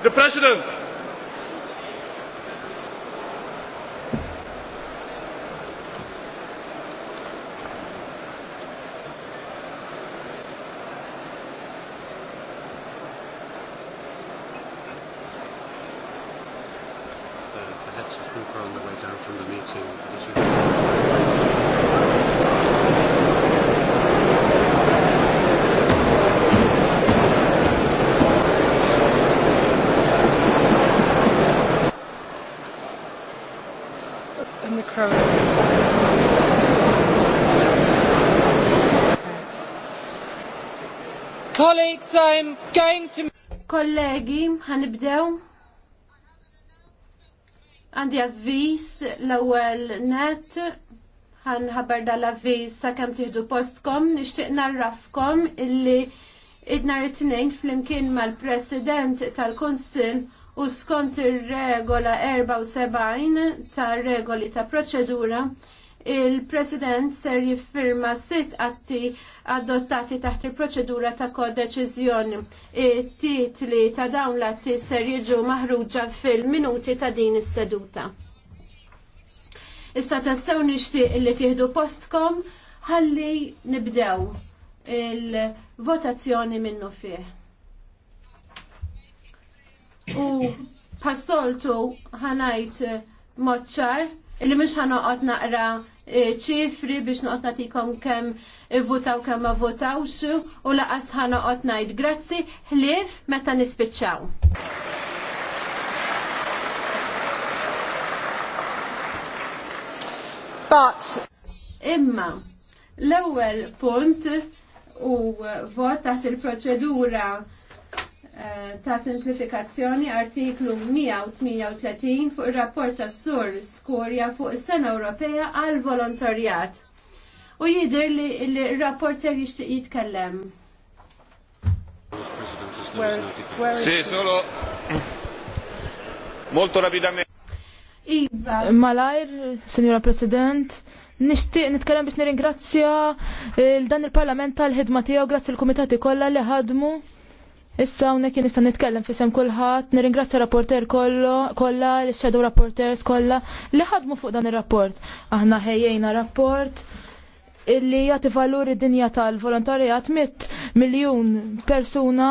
The President. the heads of group on the way down from the meeting. in the crowd. Colleagues, I'm going to... Kollegi, ħanibdew. Għandi avvis l-ewwel net ħanħabar dal-avvis sakemm tieħdu postkom, nixtieq narrafkom illi idna nhar fl-imkien mal-President tal-Kunsill u skont ir-regola 74 tar regoli ta' proċedura il-President ser jiffirma sitt atti adottati taħt il-proċedura ta' kodeċiżjoni. il titli ta' dawn l-atti ser jiġu maħruġa fil-minuti ta' din is-seduta. Issa tassew nixtieq li tieħdu postkom ħalli nibdew il-votazzjoni minnu fih. U passoltu ħanajt eh, moċċar illi mhux ħanoqgħod naqra eh, ċifri biex noqgħod nagħtikom kemm votaw kemm ma votawx u laqas ħanoqgħod ngħid grazzi ħlief meta nispiċċaw. But imma l-ewwel punt u vot taħt il-proċedura Eh, ta' simplifikazzjoni artiklu 138 fuq ir-rapport ta' sur Skurja fuq is-Sena Ewropea għal volontarjat. U jidir li l-rapport ser jixtieq jitkellem. Si, solo molto rapidamente. Iva. Malajr, Signora President, nishtiq nitkellem biex nirringrazzja il-dan eh, il-Parlament tal-ħidma tiegħu grazzi l-Kumitati kollha li ħadmu Issa hawnhekk nista' nitkellem fisem kulħadd, nirringrazzja rapporter kollu, kollha, l-shadow rapporters kollha li ħadmu fuq dan ir-rapport. Aħna ħejjejna rapport illi jagħti valur id-dinja tal-volontarjat mit miljun persuna